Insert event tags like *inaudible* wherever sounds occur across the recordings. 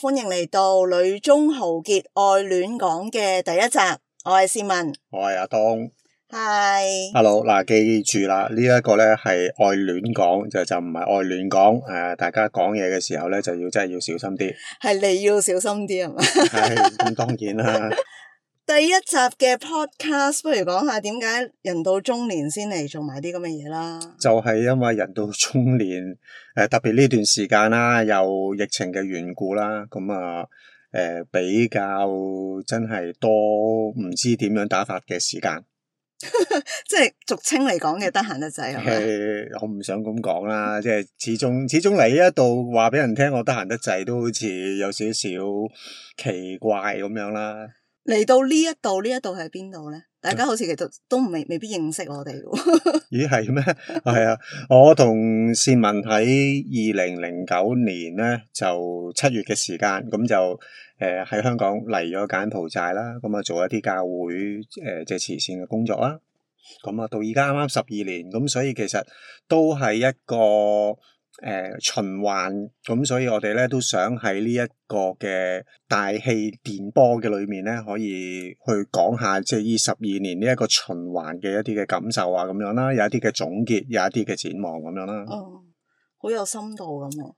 歡迎嚟到《女中豪傑愛戀講》嘅第一集，我係善文，我係阿東，係，hi，hello，嗱，記住啦，呢一個咧係愛戀講就就唔係愛戀講，誒，大家講嘢嘅時候咧就要真係要小心啲，係你要小心啲啊，係咁當然啦。第一集嘅 podcast，不如講下點解人到中年先嚟做埋啲咁嘅嘢啦？就係因為人到中年誒、呃，特別呢段時間啦，有、呃、疫情嘅緣故啦，咁啊誒、呃，比較真係多唔知點樣打發嘅時間 *laughs* 即係俗稱嚟講嘅得閒得滯係嘛？我唔想咁講啦，即係始終始終嚟一度話俾人聽我得閒得滯，都好似有少少奇怪咁樣啦。嚟到呢一度，呢一度係邊度咧？大家好似其實都未未必認識我哋喎。 *laughs* 咦，係咩？係啊，我同善文喺二零零九年咧，就七月嘅時間咁就誒喺、呃、香港嚟咗柬埔寨啦。咁啊，做一啲教會誒即係慈善嘅工作啦。咁啊，到而家啱啱十二年，咁所以其實都係一個。誒、呃，循環咁，所以我哋咧都想喺呢一個嘅大氣電波嘅裏面咧，可以去講下即係二十二年呢一個循環嘅一啲嘅感受啊，咁樣啦，有一啲嘅總結，有一啲嘅展望咁樣啦。哦，好有深度咁啊！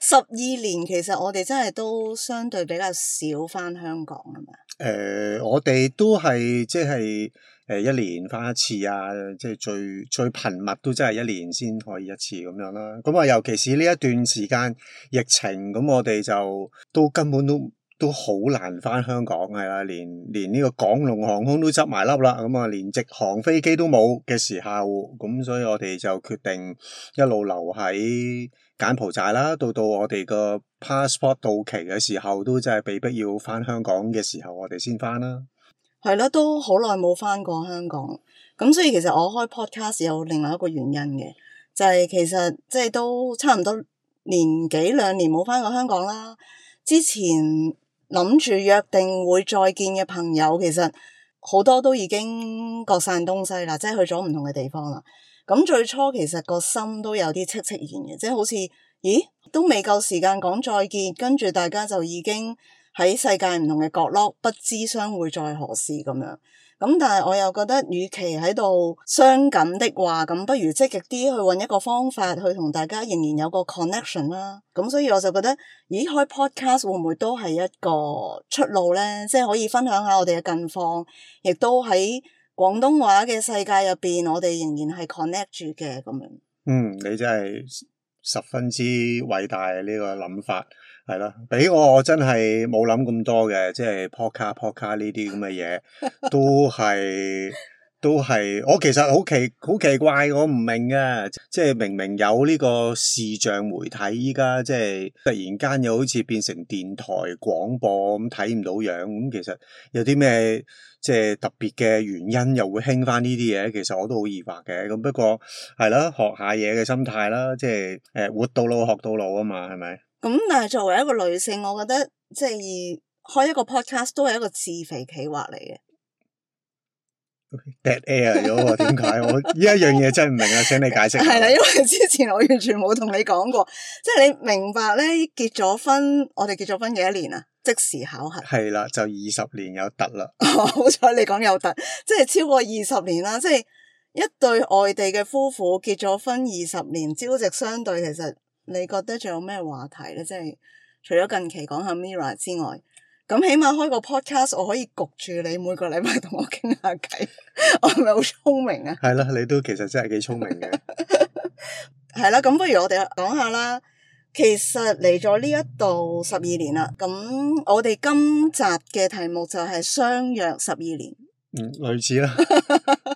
十 *laughs* 二年其實我哋真係都相對比較少翻香港啊。誒、呃，我哋都係即係。就是誒，一年翻一次啊，即係最最頻密都真係一年先可以一次咁樣啦、啊。咁、嗯、啊，尤其是呢一段時間疫情，咁、嗯、我哋就都根本都都好難翻香港，係啦、啊，連連呢個港龍航空都執埋笠啦。咁、嗯、啊、嗯，連直航飛機都冇嘅時候，咁、嗯、所以我哋就決定一路留喺柬埔寨啦。到到我哋個 passport 到期嘅時候，都真係被逼要翻香港嘅時候，我哋先翻啦。係咯，都好耐冇翻過香港，咁所以其實我開 podcast 有另外一個原因嘅，就係其實即係都差唔多年幾兩年冇翻過香港啦。之前諗住約定會再見嘅朋友，其實好多都已經各散東西啦，即係去咗唔同嘅地方啦。咁最初其實個心都有啲戚戚然嘅，即係好似咦都未夠時間講再見，跟住大家就已經。喺世界唔同嘅角落，不知相會在何時咁樣。咁但係我又覺得，與其喺度傷感的話，咁不如積極啲去搵一個方法去同大家仍然有個 connection 啦、啊。咁、嗯、所以我就覺得，咦，開 podcast 會唔會都係一個出路呢？即係可以分享下我哋嘅近況，亦都喺廣東話嘅世界入邊，我哋仍然係 connect 住嘅咁樣。嗯，你真係十分之偉大呢、這個諗法。係啦，俾我我真係冇諗咁多嘅，即係 podcast、podcast 呢啲咁嘅嘢都係都係。我其實好奇好奇怪，我唔明嘅，即係明明有呢個視像媒體，依家即係突然間又好似變成電台廣播咁，睇唔到樣咁。其實有啲咩即係特別嘅原因，又會興翻呢啲嘢？其實我都好疑惑嘅。咁不過係咯，學下嘢嘅心態啦，即係誒，活到老學到老啊嘛，係咪？咁但係作為一個女性，我覺得即係開一個 podcast 都係一個自肥企劃嚟嘅。dead、okay, air 嗰個點解？我呢一樣嘢真係唔明啊！請你解釋。係啦，因為之前我完全冇同你講過，即係你明白咧，結咗婚，我哋結咗婚幾多年啊？即時考核。係啦，就二十年有突啦。好彩你講有突，即係 *laughs* 超過二十年啦！即係一對外地嘅夫婦結咗婚二十年朝夕相對，其實。你覺得仲有咩話題咧？即係除咗近期講下 Mira 之外，咁起碼開個 podcast 我可以焗住你每個禮拜同我傾下偈， *laughs* 我係咪好聰明啊？係啦，你都其實真係幾聰明嘅。係啦， *laughs* 咁不如我哋講下啦。其實嚟咗呢一度十二年啦，咁我哋今集嘅題目就係相約十二年。嗯，類似啦。 *laughs*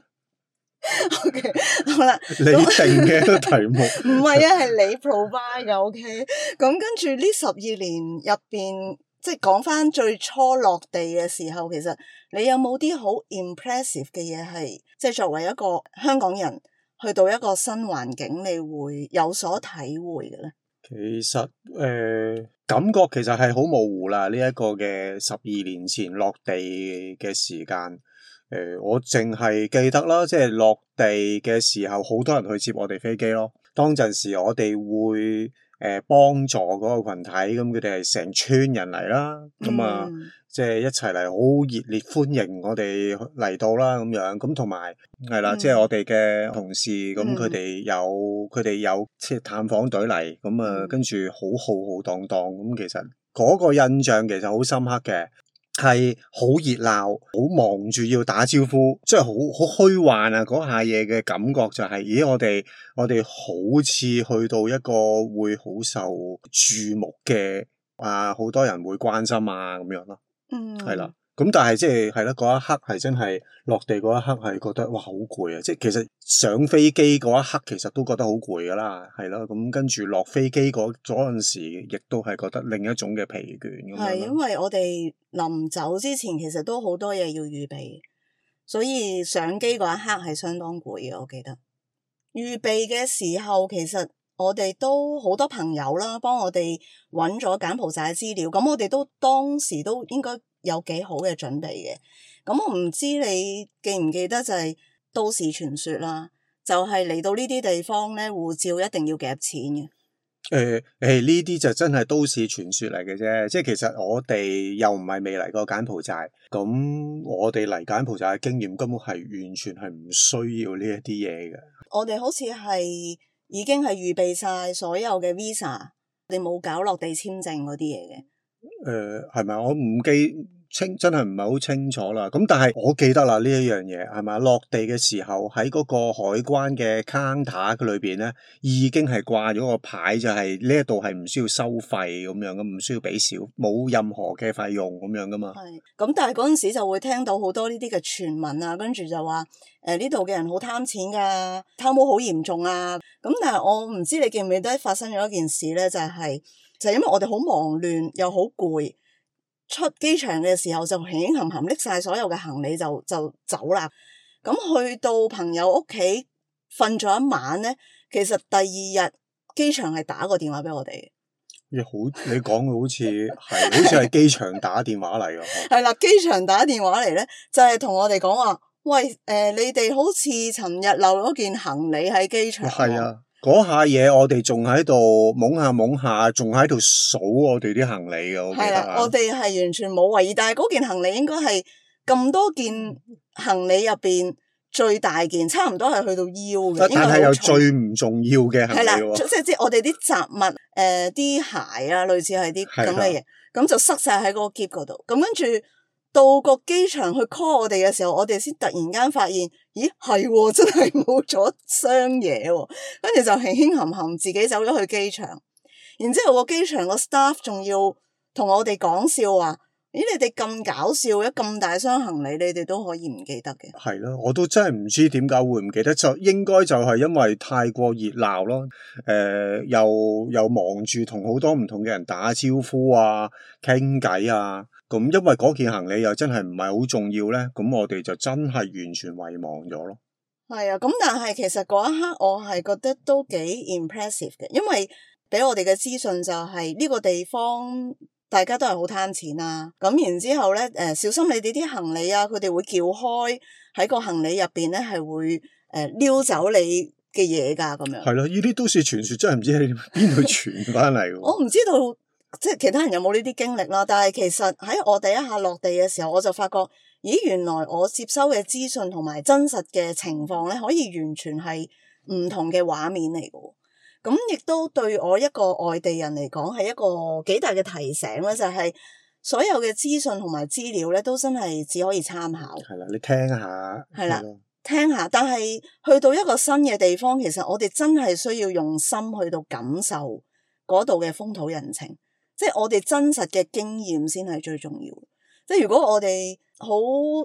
Okay, 好啦，你定嘅題目唔係 *laughs* 啊，係你 provide 嘅 OK、嗯。咁跟住呢十二年入邊，即係講翻最初落地嘅時候，其實你有冇啲好 impressive 嘅嘢係，即係作為一個香港人去到一個新環境，你會有所體會嘅咧？其實誒、呃，感覺其實係好模糊啦。呢、這、一個嘅十二年前落地嘅時間。誒、欸，我淨係記得啦，即係落地嘅時候，好多人去接我哋飛機咯。當陣時我哋會誒幫、呃、幫助嗰個群體，咁佢哋係成村人嚟啦，咁、嗯、啊，即係一齊嚟好熱烈歡迎我哋嚟到啦，咁樣，咁同埋係啦，嗯、即係我哋嘅同事，咁佢哋有佢哋、嗯、有即係探訪隊嚟，咁啊，嗯、跟住好浩浩蕩蕩，咁其實嗰個印象其實好深刻嘅。係好熱鬧，好忙住要打招呼，即係好好虛幻啊！嗰下嘢嘅感覺就係、是，咦？我哋我哋好似去到一個會好受注目嘅啊，好多人會關心啊咁樣咯，係、mm. 啦。咁但係即係係咯，嗰一刻係真係落地嗰一刻係覺得哇好攰啊！即係其實上飛機嗰一刻其實都覺得好攰㗎喇，係咯。咁跟住落飛機嗰嗰陣時，亦都係覺得另一種嘅疲倦。係因為我哋臨走之前其實都好多嘢要預備，所以上機嗰一刻係相當攰嘅。我記得預備嘅時候，其實我哋都好多朋友啦，幫我哋揾咗柬埔寨嘅資料。咁我哋都當時都應該。有幾好嘅準備嘅，咁我唔知你記唔記得就係都市傳說啦，就係嚟到呢啲地方咧，護照一定要夾錢嘅。誒誒，呢啲就真係都市傳說嚟嘅啫，即係其實我哋又唔係未嚟過柬埔寨，咁我哋嚟柬埔寨嘅經驗根本係完全係唔需要呢一啲嘢嘅。我哋好似係已經係預備晒所有嘅 visa，你冇搞落地簽證嗰啲嘢嘅。誒，係咪啊？我唔記。清真係唔係好清楚啦，咁但係我記得啦，呢一樣嘢係咪落地嘅時候喺嗰個海關嘅 counter 嘅裏邊咧，已經係掛咗個牌，就係呢一度係唔需要收費咁樣嘅，唔需要俾少，冇任何嘅費用咁樣噶嘛。係。咁但係嗰陣時就會聽到好多呢啲嘅傳聞啊，跟住就話誒，呢度嘅人好貪錢㗎，貪污好嚴重啊。咁但係我唔知你記唔記得發生咗一件事咧，就係就係因為我哋好忙亂，又好攰。出機場嘅時候就輕輕含含拎晒所有嘅行李就就走啦。咁去到朋友屋企瞓咗一晚咧，其實第二日機場係打個電話俾我哋。咦？好，你講嘅好似係 *laughs* 好似係機場打電話嚟㗎。係 *laughs* 啦， *laughs* 機場打電話嚟咧，就係、是、同我哋講話：喂，誒、呃，你哋好似尋日漏咗件行李喺機場。係、哦、啊。嗯。嗰下嘢我哋仲喺度懵下懵下，仲喺度數我哋啲行李嘅，我記得啊。係，我哋係完全冇為意，但係嗰件行李應該係咁多件行李入邊最大件，差唔多係去到腰嘅。但係又最唔重要嘅行李喎。係啦，即係即係我哋啲雜物，誒、呃、啲鞋啊，類似係啲咁嘅嘢，咁的就塞晒喺個篋嗰度，咁跟住。到個機場去 call 我哋嘅時候，我哋先突然間發現，咦係喎，真係冇咗箱嘢喎，跟住就輕輕含含自己走咗去機場，然之後個機場個 staff 仲要同我哋講笑話。咦，你哋咁搞笑，一咁大箱行李你哋都可以唔記得嘅？係咯，我都真係唔知點解會唔記得，就應該就係因為太過熱鬧咯。誒、呃，又又忙住同好多唔同嘅人打招呼啊、傾偈啊。咁、嗯、因為嗰件行李又真係唔係好重要咧，咁、嗯、我哋就真係完全遺忘咗咯。係啊，咁但係其實嗰一刻我係覺得都幾 impressive 嘅，因為俾我哋嘅資訊就係呢個地方。大家都係好貪錢啦、啊。咁然之後咧，誒、呃，小心你哋啲行李啊！佢哋會撬開喺個行李入邊咧，係會誒溜走你嘅嘢噶咁樣。係咯，呢啲都是傳說，真係唔知喺邊度傳翻嚟嘅。我唔知道，即係其他人有冇呢啲經歷咯、啊。但係其實喺我第一下落地嘅時候，我就發覺，咦，原來我接收嘅資訊同埋真實嘅情況咧，可以完全係唔同嘅畫面嚟嘅。咁亦都對我一個外地人嚟講，係一個幾大嘅提醒啦，就係所有嘅資訊同埋資料咧，都真係只可以參考。係啦，你聽下。係啦，聽下。但係去到一個新嘅地方，其實我哋真係需要用心去到感受嗰度嘅風土人情，即係我哋真實嘅經驗先係最重要。即係如果我哋好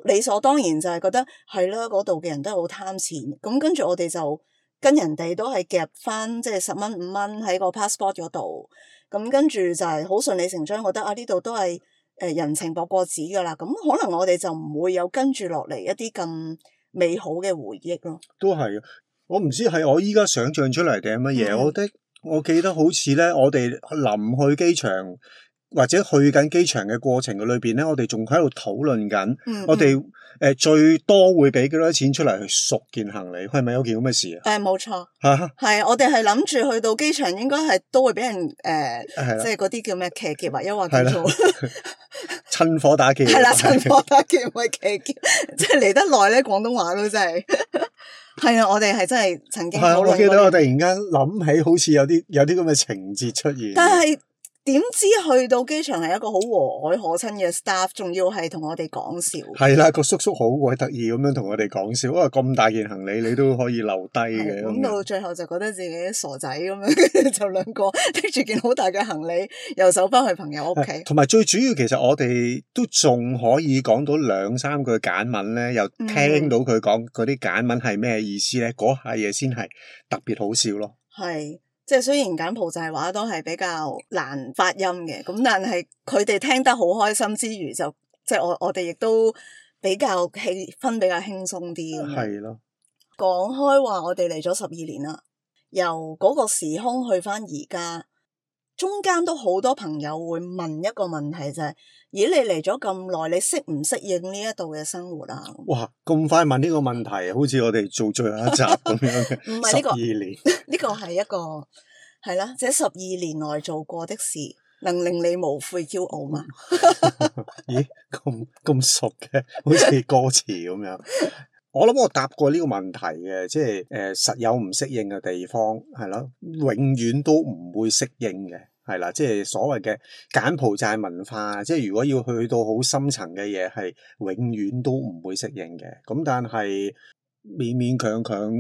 理所當然就係覺得係啦，嗰度嘅人都係好貪錢，咁跟住我哋就。跟人哋都係夾翻，即係十蚊五蚊喺個 passport 嗰度，咁跟住就係好順理成章覺得啊，呢度都係誒人情薄過紙㗎啦，咁、嗯、可能我哋就唔會有跟住落嚟一啲咁美好嘅回憶咯。都係，我唔知係我依家想像出嚟定乜嘢？我的，我記得好似咧，我哋臨去機場。或者去緊機場嘅過程嘅裏邊咧，我哋仲喺度討論緊。我哋誒最多會俾幾多錢出嚟去贖件行李？佢係咪有件咁嘅事啊？誒、嗯，冇錯。嚇、啊！係我哋係諗住去到機場，應該係都會俾人誒，呃啊、即係嗰啲叫咩？騎劫或因或叫做趁火打劫。係啦，趁火打劫唔係騎劫，即係嚟得耐咧，廣東話都真係。係 *laughs* 啊，我哋係真係曾經。係，我記得我突然間諗起好，好似有啲有啲咁嘅情節出現。但係。點知去到機場係一個好和藹可親嘅 staff，仲要係同我哋講笑。係啦，個叔叔好鬼得意咁樣同我哋講笑。因為，咁大件行李你都可以留低嘅。咁到最後就覺得自己傻仔咁樣， *laughs* 就兩個拎住件好大嘅行李，又走翻去朋友屋企。同埋最主要，其實我哋都仲可以講到兩三句簡文咧，又聽到佢講嗰啲簡文係咩意思咧，嗰、嗯、下嘢先係特別好笑咯。係。即係雖然柬埔寨係話都係比較難發音嘅，咁但係佢哋聽得好開心之餘，就即係我我哋亦都比較氣氛比較輕鬆啲。係咯。講開話，我哋嚟咗十二年啦，由嗰個時空去翻而家。中間都好多朋友會問一個問題就係、是，咦你嚟咗咁耐，你適唔適應呢一度嘅生活啊？哇，咁快問呢個問題，好似我哋做最後一集咁樣。唔係呢個，十二年呢個係一個，係啦，這十二年內做過的事，能令你無悔驕傲嗎？ *laughs* 咦，咁咁熟嘅，好似歌詞咁樣。 *laughs* 我諗我答過呢個問題嘅，即係誒、呃、實有唔適應嘅地方，係咯，永遠都唔會適應嘅，係啦，即係所謂嘅柬埔寨文化，即係如果要去到好深層嘅嘢，係永遠都唔會適應嘅。咁但係勉勉強強，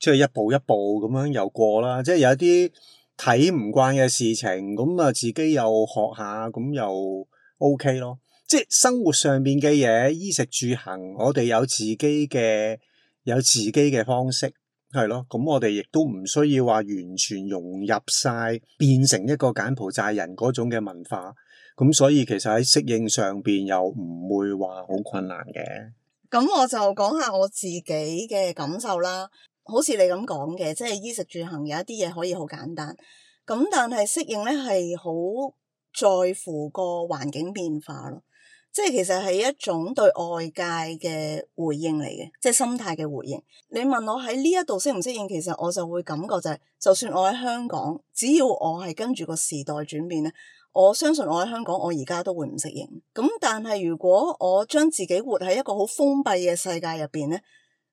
即係一步一步咁樣又過啦，即係有一啲睇唔慣嘅事情，咁啊自己又學下，咁又 OK 咯。即生活上面嘅嘢，衣食住行，我哋有自己嘅有自己嘅方式，係咯。咁我哋亦都唔需要話完全融入晒變成一個柬埔寨人嗰種嘅文化。咁所以其實喺適應上邊又唔會話好困難嘅。咁我就講下我自己嘅感受啦。好似你咁講嘅，即係衣食住行有一啲嘢可以好簡單，咁但係適應咧係好在乎個環境變化咯。即係其實係一種對外界嘅回應嚟嘅，即係心態嘅回應。你問我喺呢一度適唔適應，其實我就會感覺就係，就算我喺香港，只要我係跟住個時代轉變咧，我相信我喺香港我而家都會唔適應。咁但係如果我將自己活喺一個好封閉嘅世界入邊咧，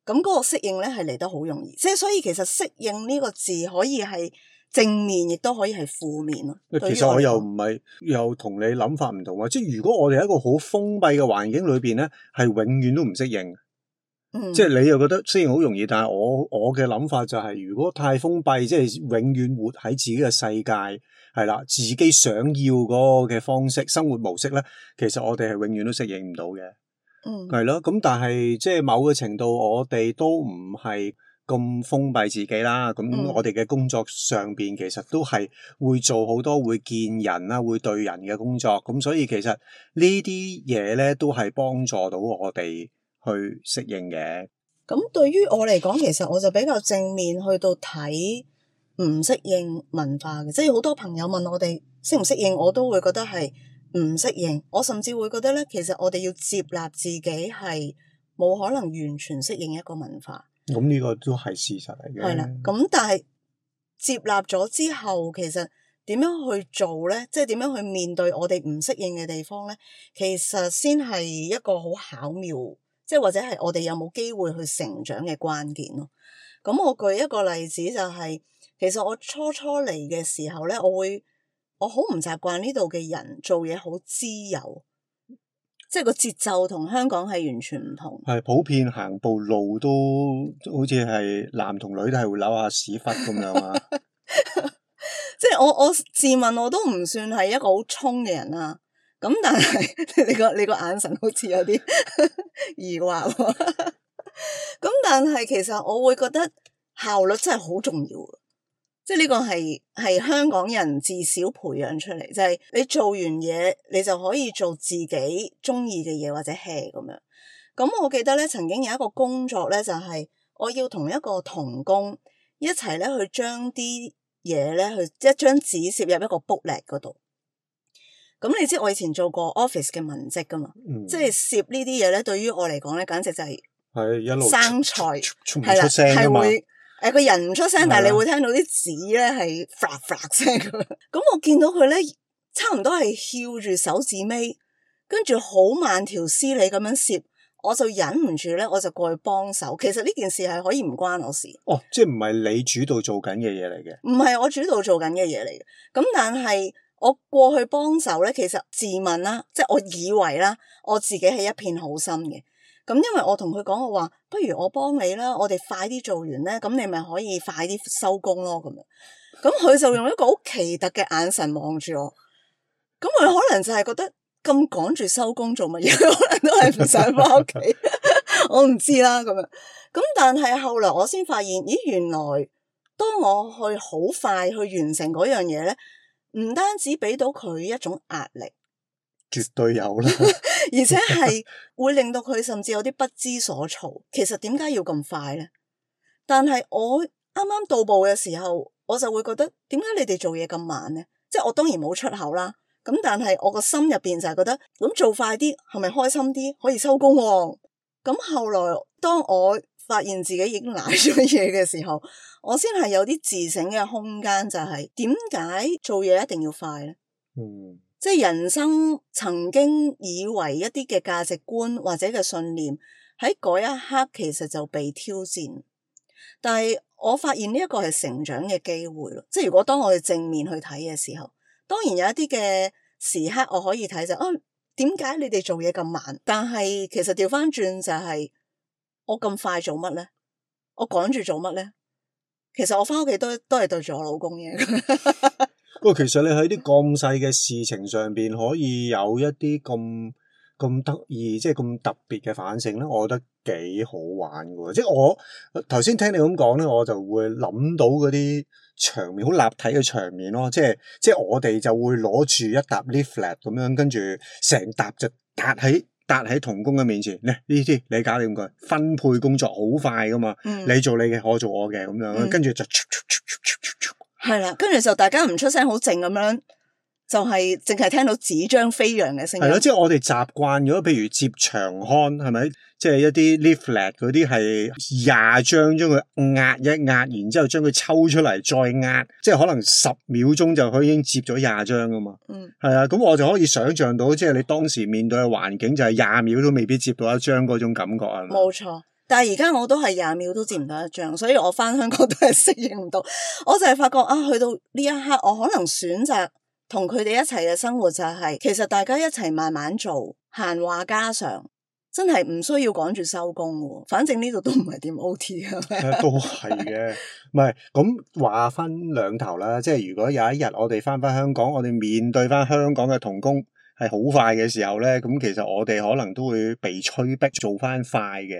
咁嗰個適應咧係嚟得好容易。即係所以其實適應呢個字可以係。正面亦都可以係負面咯。其實我又唔係又同你諗法唔同啊！即係如果我哋喺一個好封閉嘅環境裏邊咧，係永遠都唔適應。嗯。即係你又覺得雖然好容易，但係我我嘅諗法就係，如果太封閉，即係永遠活喺自己嘅世界，係啦，自己想要嗰個嘅方式、生活模式咧，其實我哋係永遠都適應唔到嘅。嗯。係咯，咁但係即係某個程度，我哋都唔係。咁封閉自己啦。咁我哋嘅工作上邊其實都係會做好多會見人啦，會對人嘅工作。咁所以其實呢啲嘢咧都係幫助到我哋去適應嘅。咁、嗯、對於我嚟講，其實我就比較正面去到睇唔適應文化嘅，即係好多朋友問我哋適唔適應，我都會覺得係唔適應。我甚至會覺得咧，其實我哋要接納自己係冇可能完全適應一個文化。咁呢個都係事實嚟嘅。係啦，咁但係接納咗之後，其實點樣去做咧？即係點樣去面對我哋唔適應嘅地方咧？其實先係一個好巧妙，即係或者係我哋有冇機會去成長嘅關鍵咯。咁我舉一個例子就係，其實我初初嚟嘅時候咧，我會我好唔習慣呢度嘅人做嘢好自由。即係個節奏同香港係完全唔同。係普遍行步路都好似係男同女都係會扭下屎忽咁樣啊 *laughs* ！即係我我自問我都唔算係一個好衝嘅人啊，咁但係 *laughs* 你個你個眼神好似有啲 *laughs* 疑惑喎。咁但係其實我會覺得效率真係好重要。即係呢個係係香港人自小培養出嚟，就係、是、你做完嘢，你就可以做自己中意嘅嘢或者 hea 咁樣。咁我記得咧，曾經有一個工作咧，就係、是、我要同一個童工一齊咧去將啲嘢咧去一張紙攝入一個 booklet 嗰度。咁你知我以前做過 office 嘅文職噶嘛？嗯、即係攝呢啲嘢咧，對於我嚟講咧，簡直就係係一路生菜，係啦，係會。誒個人唔出聲，的但係你會聽到啲紙咧係 flap flap 聲嘅。咁 *laughs* 我見到佢咧，差唔多係翹住手指尾，跟住好慢條斯理咁樣摺，我就忍唔住咧，我就過去幫手。其實呢件事係可以唔關我事。哦，即係唔係你主導做緊嘅嘢嚟嘅？唔係我主導做緊嘅嘢嚟嘅。咁但係我過去幫手咧，其實自問啦，即係我以為啦，我自己係一片好心嘅。咁因為我同佢講，我話不如我幫你啦，我哋快啲做完咧，咁你咪可以快啲收工咯咁樣。咁佢就用一個好奇特嘅眼神望住我。咁佢可能就係覺得咁趕住收工做乜嘢？可能都係唔想返屋企。 *laughs* 我唔知啦咁樣。咁但係後來我先發現，咦原來當我去好快去完成嗰樣嘢咧，唔單止俾到佢一種壓力，絕對有啦。 *laughs* *laughs* 而且係會令到佢甚至有啲不知所措。其實點解要咁快呢？但係我啱啱到步嘅時候，我就會覺得點解你哋做嘢咁慢呢？即係我當然冇出口啦。咁但係我個心入邊就係覺得，咁做快啲係咪開心啲，可以收工喎？咁後來當我發現自己已經賴咗嘢嘅時候，我先係有啲自省嘅空間，就係，就係點解做嘢一定要快呢？嗯。即係人生曾經以為一啲嘅價值觀或者嘅信念，喺嗰一刻其實就被挑戰。但係我發現呢一個係成長嘅機會咯。即係如果當我哋正面去睇嘅時候，當然有一啲嘅時刻我可以睇就、啊，哦，點解你哋做嘢咁慢？但係其實調翻轉就係我咁快做乜呢？我趕住做乜呢？其實我翻屋企都都係對住我老公嘅。 *laughs* 不過，其實你喺啲咁細嘅事情上邊可以有一啲咁咁得意，即係咁特別嘅反省，咧，我覺得幾好玩嘅喎。即係我頭先聽你咁講咧，我就會諗到嗰啲場面好立體嘅場面咯。即係即係我哋就會攞住一沓 leaflet 咁樣，跟住成沓就搭喺搭喺童工嘅面前咧。呢啲你搞掂佢，分配工作好快噶嘛？嗯、你做你嘅，我做我嘅咁樣，跟住就。嗯係啦，跟住就大家唔出聲，好靜咁樣，就係淨係聽到紙張飛揚嘅聲音。係咯，即係我哋習慣咗，譬如接長刊，係咪、就是？即係一啲 leaflet 嗰啲係廿張將佢壓一壓，然之後將佢抽出嚟再壓，即係可能十秒鐘就可以已經接咗廿張㗎嘛。嗯。係啊，咁我就可以想像到，即、就、係、是、你當時面對嘅環境就係廿秒都未必接到一張嗰種感覺啊。冇錯。但係而家我都係廿秒都接唔到一張，所以我翻香港都係適應唔到。我就係發覺啊，去到呢一刻，我可能選擇同佢哋一齊嘅生活就係、是、其實大家一齊慢慢做閒話家常，真係唔需要趕住收工喎。反正呢度都唔係點 O T 嘅。都係嘅，唔係咁話分兩頭啦。即係如果有一日我哋翻翻香港，我哋面對翻香港嘅童工係好快嘅時候咧，咁其實我哋可能都會被催逼做翻快嘅。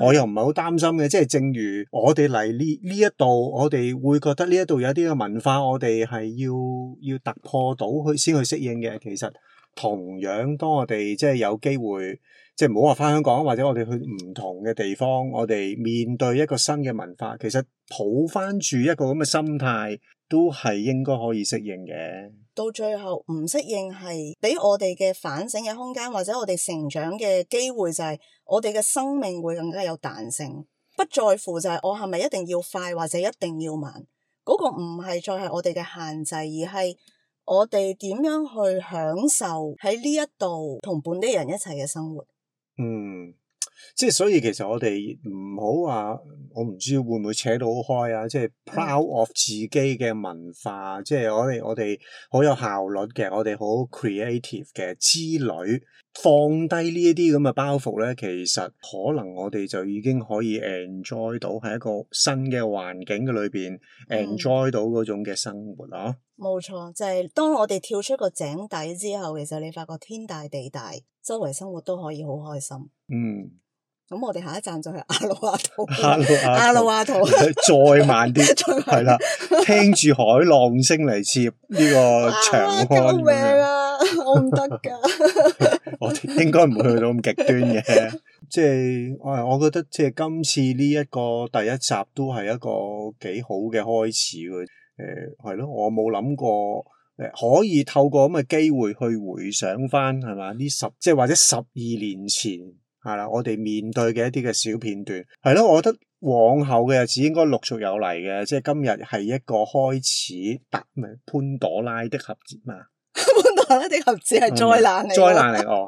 我又唔係好擔心嘅，即係正如我哋嚟呢呢一度，我哋會覺得呢一度有啲嘅文化，我哋係要要突破到去先去適應嘅。其實同樣，當我哋即係有機會，即係唔好話返香港，或者我哋去唔同嘅地方，我哋面對一個新嘅文化，其實抱返住一個咁嘅心態。都係應該可以適應嘅。到最後唔適應係俾我哋嘅反省嘅空間，或者我哋成長嘅機會就係我哋嘅生命會更加有彈性。不在乎就係我係咪一定要快或者一定要慢，嗰個唔係再係我哋嘅限制，而係我哋點樣去享受喺呢一度同本地人一齊嘅生活。嗯。即係所以，其實我哋唔好話，我唔知會唔會扯到好開啊！即係 proud of 自己嘅文化，嗯、即係我哋我哋好有效率嘅，我哋好 creative 嘅之旅，放低呢一啲咁嘅包袱咧，其實可能我哋就已經可以 enjoy 到喺一個新嘅環境嘅裏邊 enjoy 到嗰種嘅生活咯、啊。冇錯，就係、是、當我哋跳出個井底之後，其實你發覺天大地大，周圍生活都可以好開心。嗯。咁我哋下一站就係阿魯阿，阿圖，阿魯阿圖再慢啲，係啦，聽住海浪聲嚟接呢個場， *laughs* 啊， *laughs* 啊！我唔得㗎， *laughs* *laughs* 我應該唔會去到咁極端嘅。即、就、係、是，唉、哎，我覺得即係今次呢一個第一集都係一個幾好嘅開始嘅，誒、哎，係咯，我冇諗過誒，可以透過咁嘅機會去回想返，係嘛？呢十，即係或者十二年前。係啦，我哋面對嘅一啲嘅小片段，係咯，我覺得往後嘅日子應該陸續有嚟嘅，即係今日係一個開始，達唔係潘朵拉的盒子嘛。 *laughs* 本來咧啲猴子係災難嚟，災難嚟哦，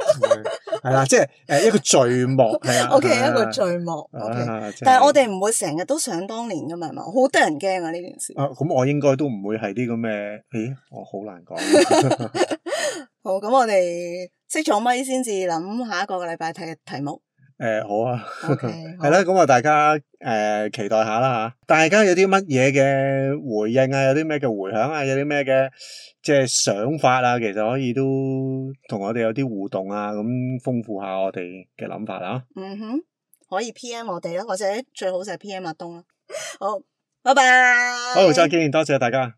係啦，即係誒一個序幕係啊，OK、uh, 一個序幕、okay uh, 但係我哋唔會成日都想當年噶嘛，係嘛，好得人驚啊呢件事。啊，咁我應該都唔會係啲咁咩，咦、哎，我好難講。 *laughs* *laughs* 好，咁我哋熄咗咪先至諗下一個禮拜睇嘅題目。誒、呃，好啊，係啦，咁啊， *laughs* 大家誒、呃、期待下啦吓，大家有啲乜嘢嘅回應啊，有啲咩嘅回響啊，有啲咩嘅即係想法啊，其實可以都同我哋有啲互動啊，咁豐富下我哋嘅諗法啊，嗯哼，可以 P M 我哋啦，或者最好就係 P M 阿東啦，啊，好，拜拜，好，再見，多謝大家。